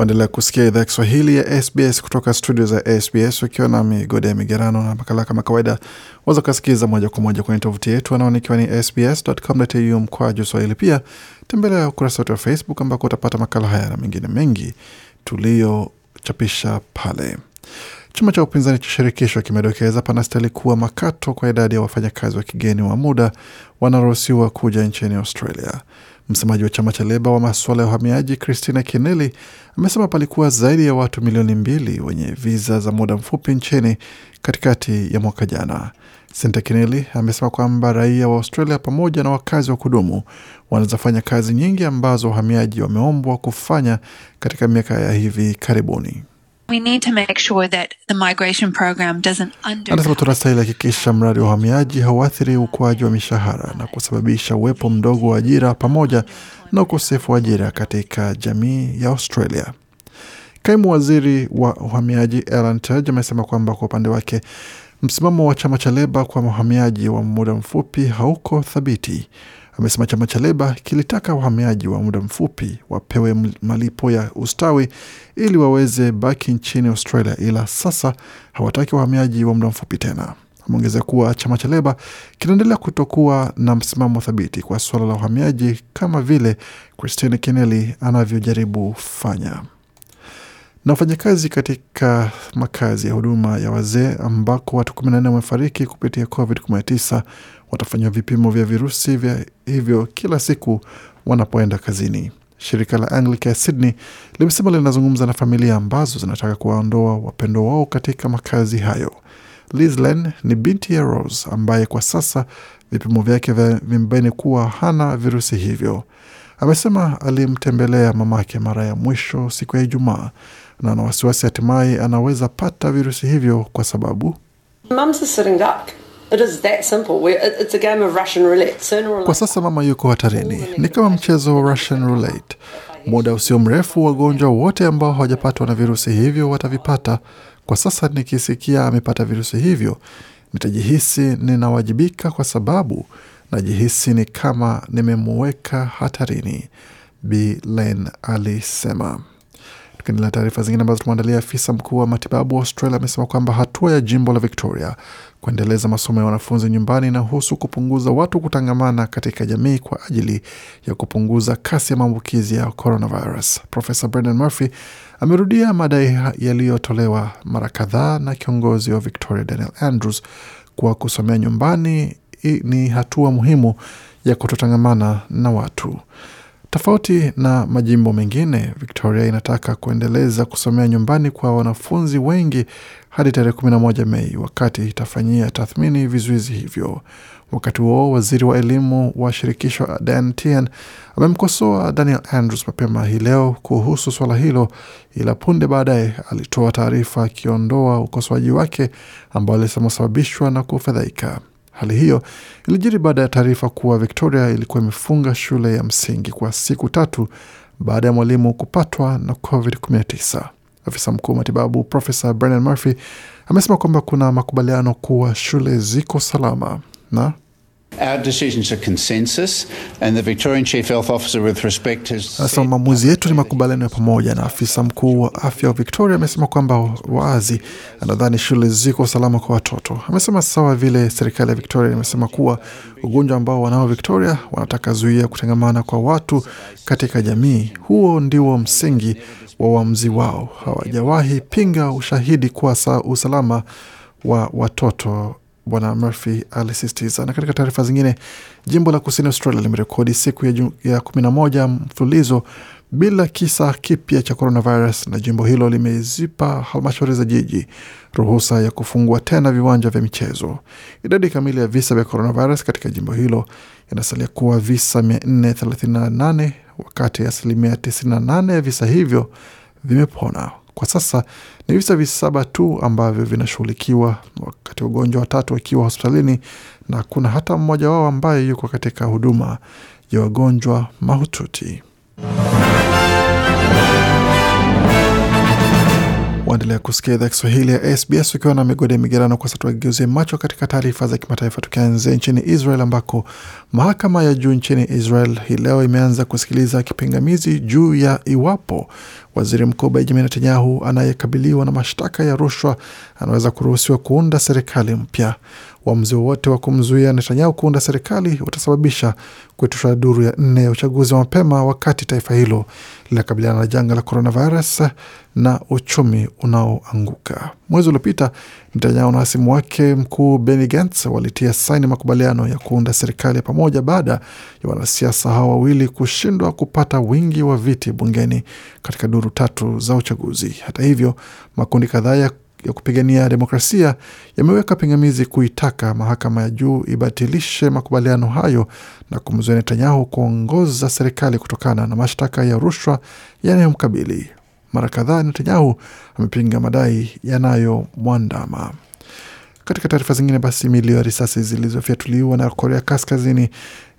Waendelea kusikia idhaa Kiswahili ya SBS kutoka studio za SBS ukiwa na migodi ya migerano na makala kama kawaida. Waweza ukasikiliza moja kwa moja kwenye tovuti yetu anaonikiwa ni sbs.com.au mkwaju swahili. Pia tembelea ukurasa wetu wa Facebook ambako utapata makala haya na mengine mengi tuliyochapisha pale. Chama cha upinzani cha shirikisho kimedokeza panastahili kuwa makato kwa idadi ya wafanyakazi wa kigeni wa muda wanaruhusiwa kuja nchini Australia. Msemaji wa chama cha Leba wa masuala ya uhamiaji Christina kineli amesema palikuwa zaidi ya watu milioni mbili wenye viza za muda mfupi nchini katikati ya mwaka jana. Senta kineli amesema kwamba raia wa Australia pamoja na wakazi wa kudumu wanaweza fanya kazi nyingi ambazo wahamiaji wameombwa kufanya katika miaka ya hivi karibuni. We need to make sure that the migration program doesn't under... Anasema tunastahili hakikisha mradi wa uhamiaji hauathiri ukuaji wa mishahara na kusababisha uwepo mdogo wa ajira pamoja na ukosefu wa ajira katika jamii ya Australia. Kaimu waziri wa uhamiaji Ellen Tudge amesema kwamba kwa upande wake msimamo wa chama cha Leba kwa uhamiaji wa muda mfupi hauko thabiti amesema chama cha Leba kilitaka wahamiaji wa muda mfupi wapewe malipo ya ustawi ili waweze baki nchini Australia, ila sasa hawataki wahamiaji wa muda mfupi tena. Ameongeza kuwa chama cha Leba kinaendelea kutokuwa na msimamo thabiti kwa suala la uhamiaji kama vile Christine Kenely anavyojaribu fanya na wafanyakazi katika makazi ya huduma ya wazee ambako watu 14 wamefariki kupitia COVID-19 watafanyiwa vipimo vya virusi vya hivyo kila siku wanapoenda kazini. Shirika la Anglika ya Sydney limesema linazungumza na familia ambazo zinataka kuwaondoa wapendo wao katika makazi hayo. Lislen ni binti ya Rose ambaye kwa sasa vipimo vyake vimebaini kuwa hana virusi hivyo. Amesema alimtembelea mamake mara ya mwisho siku ya Ijumaa na ana wasiwasi hatimaye anaweza pata virusi hivyo kwa sababu kwa sasa mama yuko hatarini, ni kama mchezo wa Russian roulette. Muda usio mrefu, wagonjwa wote ambao hawajapatwa na virusi hivyo watavipata. Kwa sasa nikisikia amepata virusi hivyo, nitajihisi ninawajibika, kwa sababu najihisi ni kama nimemuweka hatarini, bln alisema. Tukiendelea taarifa zingine ambazo tumeandalia, afisa mkuu wa matibabu wa Australia amesema kwamba hatua ya jimbo la Victoria Kuendeleza masomo ya wanafunzi nyumbani inahusu kupunguza watu kutangamana katika jamii kwa ajili ya kupunguza kasi ya maambukizi ya coronavirus. Profesa Brendan Murphy amerudia madai yaliyotolewa mara kadhaa na kiongozi wa Victoria Daniel Andrews kuwa kusomea nyumbani ni hatua muhimu ya kutotangamana na watu. Tofauti na majimbo mengine, Victoria inataka kuendeleza kusomea nyumbani kwa wanafunzi wengi hadi tarehe 11 Mei, wakati itafanyia tathmini vizuizi hivyo. Wakati huo waziri wa elimu wa shirikisho Dan Tian amemkosoa Daniel Andrews mapema hii leo kuhusu swala hilo, ila punde baadaye alitoa taarifa akiondoa ukosoaji wake ambao alisema sababishwa na kufadhaika. Hali hiyo ilijiri baada ya taarifa kuwa Victoria ilikuwa imefunga shule ya msingi kwa siku tatu baada ya mwalimu kupatwa na COVID-19. Afisa mkuu wa matibabu Profesa Brennan Murphy amesema kwamba kuna makubaliano kuwa shule ziko salama na sasa maamuzi yetu ni makubaliano ya pamoja. Na afisa mkuu wa afya wa Victoria amesema kwamba waazi anadhani shule ziko salama kwa watoto. Amesema sawa vile serikali ya Victoria imesema kuwa ugonjwa ambao wanao Victoria wanataka zuia kutengamana kwa watu katika jamii, huo ndio msingi wa uamuzi wao. Hawajawahi pinga ushahidi kwa usalama wa watoto Bwana Murphy alisisitiza. Na katika taarifa zingine, jimbo la kusini Australia limerekodi siku ya, ya 11 mfululizo bila kisa kipya cha coronavirus, na jimbo hilo limezipa halmashauri za jiji ruhusa ya kufungua tena viwanja vya michezo. Idadi kamili ya visa vya coronavirus katika jimbo hilo inasalia kuwa visa 438 wakati asilimia 98 ya visa hivyo vimepona. Kwa sasa ni visa visaba tu ambavyo vinashughulikiwa, wakati wagonjwa watatu wakiwa hospitalini na kuna hata mmoja wao ambaye yuko katika huduma ya wagonjwa mahututi. Waendelea kusikia idhaa Kiswahili ya SBS ukiwa na migode ya migerano. Kwa sasa tuageuzie macho katika taarifa za kimataifa, tukianzia nchini Israel ambako mahakama ya juu nchini Israel hii leo imeanza kusikiliza kipingamizi juu ya iwapo Waziri Mkuu Benjamin Netanyahu anayekabiliwa na mashtaka ya rushwa anaweza kuruhusiwa kuunda serikali mpya. Uamuzi wowote wa kumzuia Netanyahu kuunda serikali utasababisha kuitishwa duru ya nne ya uchaguzi wa mapema, wakati taifa hilo linakabiliana na janga la coronavirus na uchumi unaoanguka. Mwezi uliopita Netanyahu na hasimu wake mkuu Benny Gantz walitia saini makubaliano ya kuunda serikali ya pamoja baada ya wanasiasa hawa wawili kushindwa kupata wingi wa viti bungeni katika duru tatu za uchaguzi. Hata hivyo, makundi kadhaa ya ya kupigania demokrasia yameweka pingamizi kuitaka mahakama ya juu ibatilishe makubaliano hayo na kumzuia Netanyahu kuongoza serikali kutokana na mashtaka ya rushwa yanayomkabili mara kadhaa Netanyahu amepinga madai yanayomwandama. Katika taarifa zingine, basi milio ya risasi zilizofyatuliwa na Korea Kaskazini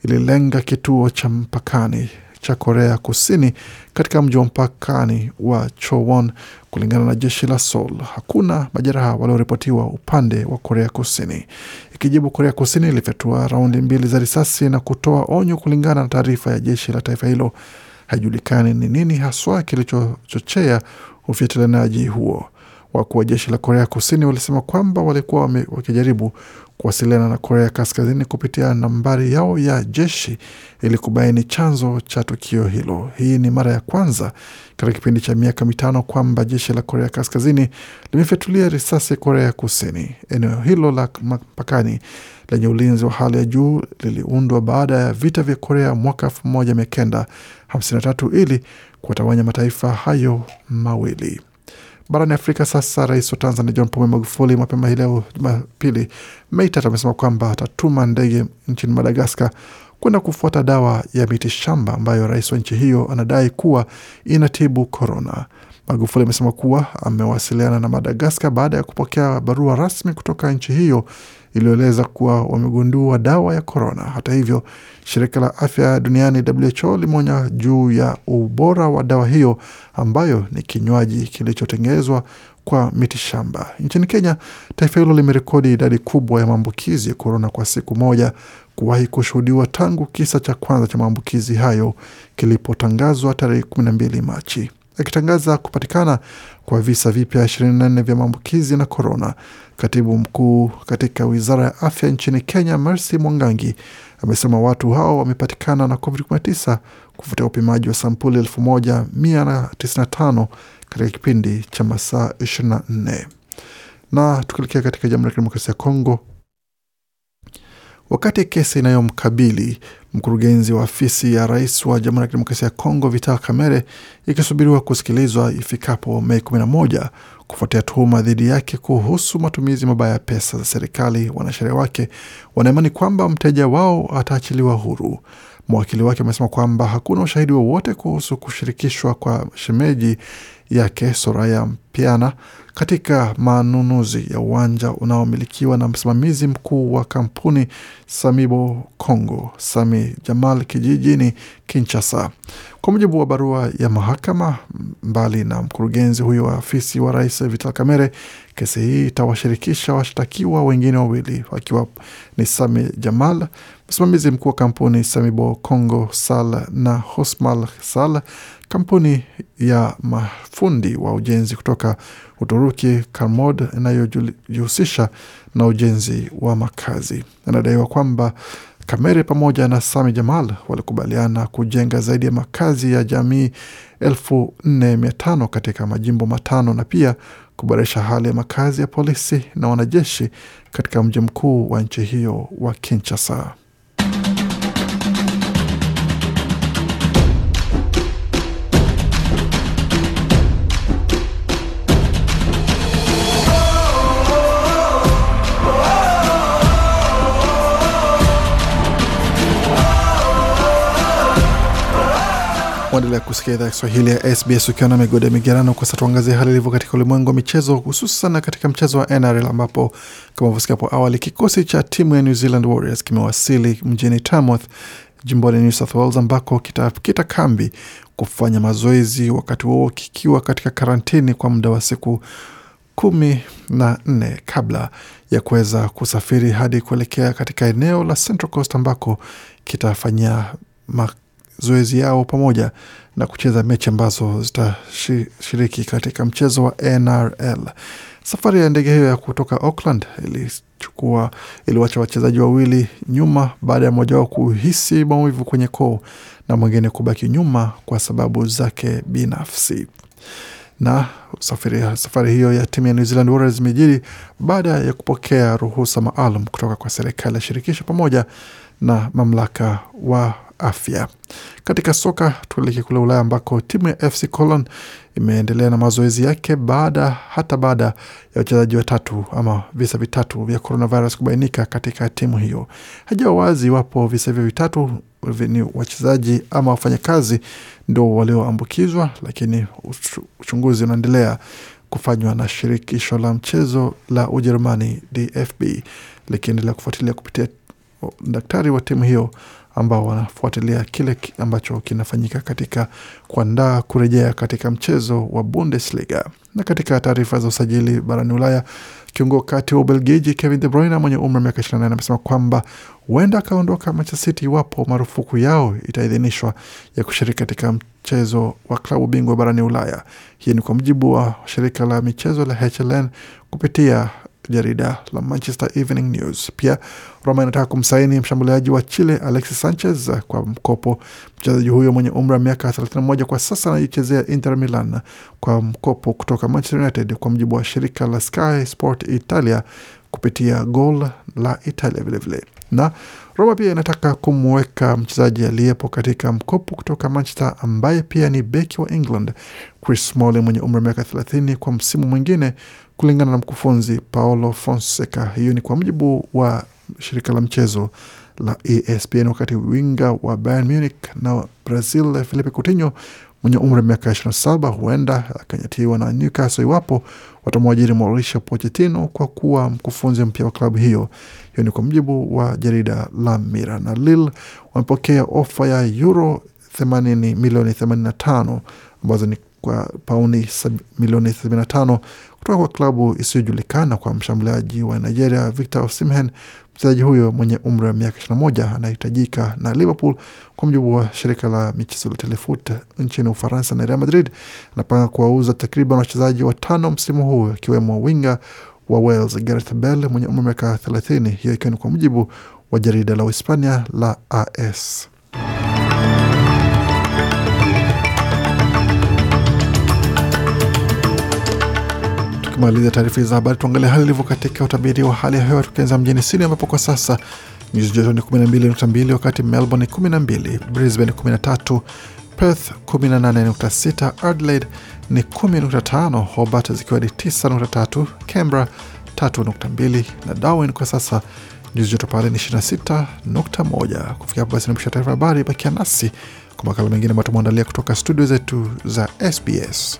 ililenga kituo cha mpakani cha Korea Kusini katika mji wa mpakani wa Chowon, kulingana na jeshi la Seoul. Hakuna majeraha walioripotiwa upande wa Korea Kusini. Ikijibu, Korea Kusini ilifyatua raundi mbili za risasi na kutoa onyo, kulingana na taarifa ya jeshi la taifa hilo. Haijulikani ni nini haswa kilichochochea ufiatilianaji huo. Wakuu wa jeshi la Korea Kusini walisema kwamba walikuwa wakijaribu kuwasiliana na Korea Kaskazini kupitia nambari yao ya jeshi ili kubaini chanzo cha tukio hilo. Hii ni mara ya kwanza katika kipindi cha miaka mitano kwamba jeshi la Korea Kaskazini limefyatulia risasi Korea Kusini. Eneo hilo la mpakani lenye ulinzi wa hali ya juu liliundwa baada ya vita vya Korea mwaka 1953 ili kuwatawanya mataifa hayo mawili barani Afrika. Sasa rais wa Tanzania John Pombe Magufuli mapema hii leo Jumapili, Mei tatu, amesema kwamba atatuma ndege nchini Madagaskar kwenda kufuata dawa ya miti shamba ambayo rais wa nchi hiyo anadai kuwa inatibu korona. Magufuli amesema kuwa amewasiliana na Madagaskar baada ya kupokea barua rasmi kutoka nchi hiyo iliyoeleza kuwa wamegundua dawa ya korona. Hata hivyo, shirika la afya duniani WHO limeonya juu ya ubora wa dawa hiyo ambayo ni kinywaji kilichotengenezwa kwa mitishamba. Nchini Kenya, taifa hilo limerekodi idadi kubwa ya maambukizi ya korona kwa siku moja kuwahi kushuhudiwa tangu kisa cha kwanza cha maambukizi hayo kilipotangazwa tarehe 12 Machi. Akitangaza kupatikana kwa visa vipya 24 vya maambukizi na korona, katibu mkuu katika wizara ya afya nchini Kenya, Mercy Mwangangi, amesema watu hao wamepatikana na COVID-19 kufuatia upimaji wa sampuli 1195 katika kipindi cha masaa 24. Na tukielekea katika Jamhuri ya Kidemokrasia ya Kongo, wakati kesi inayomkabili mkurugenzi wa afisi ya rais wa Jamhuri ya Kidemokrasia ya Kongo Vital Kamerhe ikisubiriwa kusikilizwa ifikapo Mei 11 kufuatia tuhuma dhidi yake kuhusu matumizi mabaya ya pesa za serikali. Wanasheria wake wanaimani kwamba mteja wao ataachiliwa huru. Mawakili wake amesema kwamba hakuna ushahidi wowote kuhusu kushirikishwa kwa shemeji yake Soraya Mpiana katika manunuzi ya uwanja unaomilikiwa na msimamizi mkuu wa kampuni Samibo congo Sami Jamal, kijijini Kinshasa. Kwa mujibu wa barua ya mahakama, mbali na mkurugenzi huyo wa afisi wa rais Vital Kamerhe, kesi hii itawashirikisha washtakiwa wengine wawili wakiwa ni Sami Jamal, msimamizi mkuu wa kampuni Samibo congo Sal na Hosmal Sal Kampuni ya mafundi wa ujenzi kutoka Uturuki Karmod inayojihusisha na ujenzi wa makazi inadaiwa kwamba Kamere pamoja na Sami Jamal walikubaliana kujenga zaidi ya makazi ya jamii tano katika majimbo matano na pia kuboresha hali ya makazi ya polisi na wanajeshi katika mji mkuu wa nchi hiyo wa Kinshasa. Unaendelea kusikia idhaa Kiswahili ya SBS ukiwa na migode migerano. Kwa sasa tuangazie hali ilivyo katika ulimwengu wa michezo, hususan katika mchezo wa NRL ambapo kama vyosikia hapo awali, kikosi cha timu ya New Zealand Warriors kimewasili mjini Tamworth jimboni New South Wales ambako kitakita kambi kufanya mazoezi, wakati huo kikiwa katika karantini kwa muda wa siku kumi na nne kabla ya kuweza kusafiri hadi kuelekea katika eneo la Central Coast ambako kitafanyia zoezi yao pamoja na kucheza mechi ambazo zitashiriki katika mchezo wa NRL. Safari ya ndege hiyo ya kutoka Auckland ilichukua iliwacha wachezaji wawili nyuma baada ya mmoja wao kuhisi maumivu kwenye koo na mwingine kubaki nyuma kwa sababu zake binafsi. Na safari, safari hiyo ya timu ya New Zealand Warriors imejiri baada ya kupokea ruhusa maalum kutoka kwa serikali ya shirikisho pamoja na mamlaka wa afya. Katika soka tueleke kule Ulaya ambako timu ya FC Cologne imeendelea na mazoezi yake baada hata baada ya wachezaji watatu ama visa vitatu vya coronavirus kubainika katika timu hiyo. Hajawa wazi iwapo visa hivyo vitatu ni wachezaji ama wafanyakazi ndo walioambukizwa, lakini uchunguzi unaendelea kufanywa na shirikisho la mchezo la Ujerumani DFB likiendelea kufuatilia kupitia daktari wa timu hiyo ambao wanafuatilia kile ambacho kinafanyika katika kuandaa kurejea katika mchezo wa Bundesliga. Na katika taarifa za usajili barani Ulaya, kiungo kati wa Ubelgiji Kevin De Bruyne mwenye umri wa miaka 28 amesema kwamba huenda akaondoka Manchester City iwapo marufuku yao itaidhinishwa ya kushiriki katika mchezo wa klabu bingwa barani Ulaya. Hii ni kwa mujibu wa shirika la michezo la HLN kupitia jarida la Manchester Evening News. Pia Roma inataka kumsaini mshambuliaji wa Chile Alexis Sanchez kwa mkopo. Mchezaji huyo mwenye umri wa miaka 31 kwa sasa anaichezea Inter Milan kwa mkopo kutoka Manchester United, kwa mujibu wa shirika la Sky Sport Italia kupitia Gol la Italia vilevile vile na Roma pia inataka kumweka mchezaji aliyepo katika mkopo kutoka Manchester ambaye pia ni beki wa England Chris Smalling mwenye umri wa miaka 30 kwa msimu mwingine, kulingana na mkufunzi Paolo Fonseca. Hiyo ni kwa mujibu wa shirika la mchezo la ESPN. Wakati winga wa Bayern Munich na Brazil Felipe Coutinho mwenye umri wa miaka 27 huenda akanyatiwa na Newcastle iwapo watamwajiri Mauricio Pochettino kwa kuwa mkufunzi mpya wa klabu hiyo. Hiyo ni kwa mjibu wa jarida la Mira, na Lille wamepokea ofa ya euro 80 milioni 85 ambazo ni kwa pauni milioni 75 kutoka kwa klabu isiyojulikana kwa mshambuliaji wa Nigeria Victor Osimhen Mchezaji huyo mwenye umri wa miaka 21 anahitajika na Liverpool kwa mujibu wa shirika la michezo la Telefoot nchini Ufaransa. Na Real Madrid anapanga kuwauza takriban wachezaji watano msimu huu akiwemo winga wa Wales Gareth Bale mwenye umri wa miaka 30, hiyo ikiwa ni kwa mujibu wa jarida la Uhispania la AS. Tukimaliza taarifa za habari, tuangalie hali ilivyo katika utabiri wa hali ya hewa, tukianza mjini Sydney ambapo kwa sasa nyuzi joto ni 12.2, wakati Melbourne 12, Brisbane 13, Perth 18.6, Adelaide ni 10.5, Hobart zikiwa ni 9.3, Canberra 3.2 na Darwin kwa sasa nyuzi joto pale ni 26.1. Kufikia hapo basi napisha taarifa habari. Bakia nasi kwa makala mengine ambayo tumeandalia kutoka studio zetu za SBS.